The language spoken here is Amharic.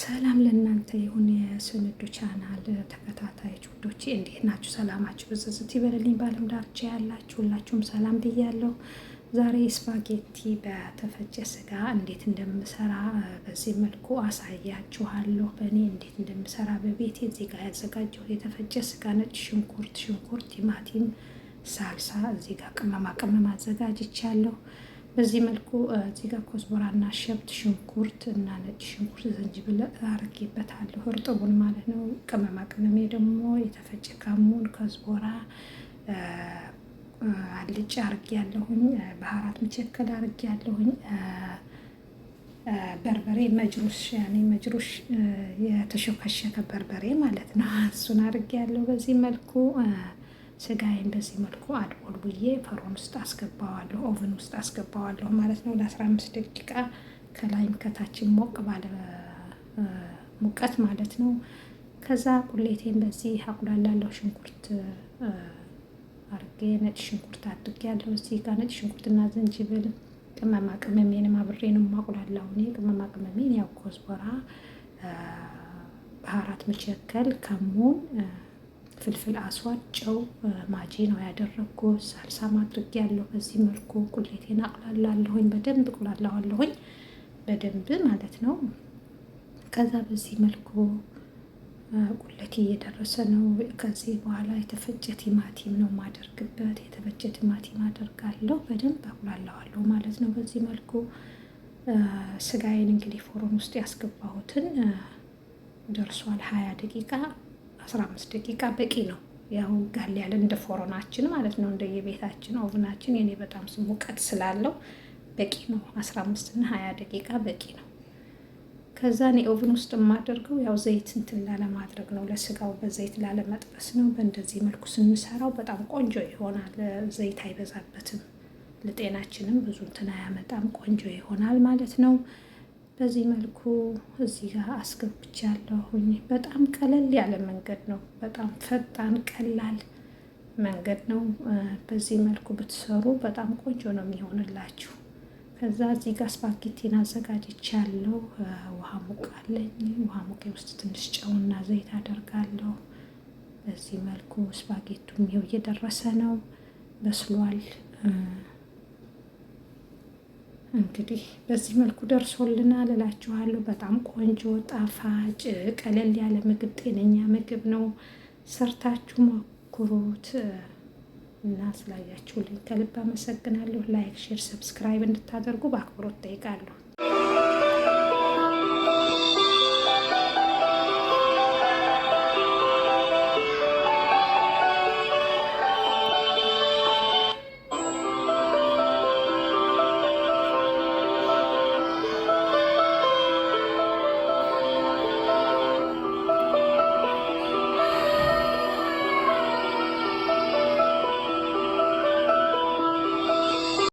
ሰላም ለእናንተ ይሁን የስንዱ ቻናል ተከታታዮች ውዶቼ፣ እንዴት ናችሁ? ሰላማችሁ ብዝዝት ይበልልኝ። በዓለም ዳርቻ ያላችሁ ሁላችሁም ሰላም ብያለሁ። ዛሬ ስፓጌቲ በተፈጨ ስጋ እንዴት እንደምሰራ በዚህ መልኩ አሳያችኋለሁ። በእኔ እንዴት እንደምሰራ በቤቴ እዚህ ጋር ያዘጋጀሁ የተፈጨ ስጋ፣ ነጭ ሽንኩርት፣ ሽንኩርት፣ ቲማቲም፣ ሳልሳ እዚህ ጋር ቅመማ ቅመም አዘጋጅቻለሁ። በዚህ መልኩ እዚህ ጋር እና ሸብት ሽንኩርት እና ነጭ ሽንኩርት ዝንጅብል አርጌበታለሁ፣ እርጥቡን ማለት ነው። ቅመማ ቅመሜ ደግሞ የተፈጨ ካሙን፣ ኮዝቦራ፣ አልጭ አርጌ ያለሁኝ፣ ባህራት መቸከል አርጌ ያለሁኝ፣ በርበሬ መጅሩሽ ያኔ መጅሩሽ የተሸከሸከ በርበሬ ማለት ነው። እሱን አርጌ ያለሁ በዚህ መልኩ ስጋዬን በዚህ መልኩ አድቦል ብዬ ፈሮን ውስጥ አስገባዋለሁ፣ ኦቭን ውስጥ አስገባዋለሁ ማለት ነው ለ15 ደቂቃ ከላይም ከታችን ሞቅ ባለ ሙቀት ማለት ነው። ከዛ ቁሌቴን በዚህ አቁላላለሁ። ሽንኩርት አርጌ ነጭ ሽንኩርት አድርጌያለሁ። እዚህ ጋር ነጭ ሽንኩርትና ዝንጅብል ቅመማ ቅመሜንም ነው ማቁላላው እኔ ቅመማ ቅመሜን ያው ኮዝቦራ፣ ባህራት መቸከል ከሙን ፍልፍል አስዋድ፣ ጨው ማጂ ነው ያደረግኩ። ሳልሳ ማድረግ ያለው በዚህ መልኩ ቁሌቴን አቅላላለሁኝ። በደንብ ቁላላዋለሁኝ በደንብ ማለት ነው። ከዛ በዚህ መልኩ ቁሌቴ እየደረሰ ነው። ከዚህ በኋላ የተፈጨ ቲማቲም ነው ማደርግበት የተፈጨ ቲማቲም አደርጋለሁ። በደንብ አቁላላዋለሁ ማለት ነው። በዚህ መልኩ ስጋዬን እንግዲህ ፎረን ውስጥ ያስገባሁትን ደርሷል። ሀያ ደቂቃ 15 ደቂቃ በቂ ነው። ያው ጋል ያለ እንደ ፎሮናችን ማለት ነው እንደየቤታችን ኦቭናችን የኔ በጣም ሙቀት ስላለው በቂ ነው። 15 እና 20 ደቂቃ በቂ ነው። ከዛ እኔ ኦቭን ውስጥ የማደርገው ያው ዘይት እንትን ላለማድረግ ነው፣ ለስጋው በዘይት ላለመጥበስ ነው። በእንደዚህ መልኩ ስንሰራው በጣም ቆንጆ ይሆናል። ዘይት አይበዛበትም፣ ለጤናችንም ብዙ እንትን አያመጣም። ቆንጆ ይሆናል ማለት ነው። በዚህ መልኩ እዚህ ጋር አስገብቻለሁኝ። በጣም ቀለል ያለ መንገድ ነው። በጣም ፈጣን ቀላል መንገድ ነው። በዚህ መልኩ ብትሰሩ በጣም ቆንጆ ነው የሚሆንላችሁ። ከዛ እዚህ ጋር ስፓጌቲን አዘጋጅቻለሁ። ውሃ ሙቅ አለኝ። ውሃ ሙቄ ውስጥ ትንሽ ጨውና ዘይት አደርጋለሁ። በዚህ መልኩ ስፓጌቱም ይኸው እየደረሰ ነው፣ በስሏል። እንግዲህ በዚህ መልኩ ደርሶልና ልላችኋለሁ። በጣም ቆንጆ ጣፋጭ፣ ቀለል ያለ ምግብ፣ ጤነኛ ምግብ ነው። ሰርታችሁ ሞክሩት እና ስላያችሁልኝ ከልብ አመሰግናለሁ። ላይክ፣ ሼር፣ ሰብስክራይብ እንድታደርጉ በአክብሮት ጠይቃለሁ።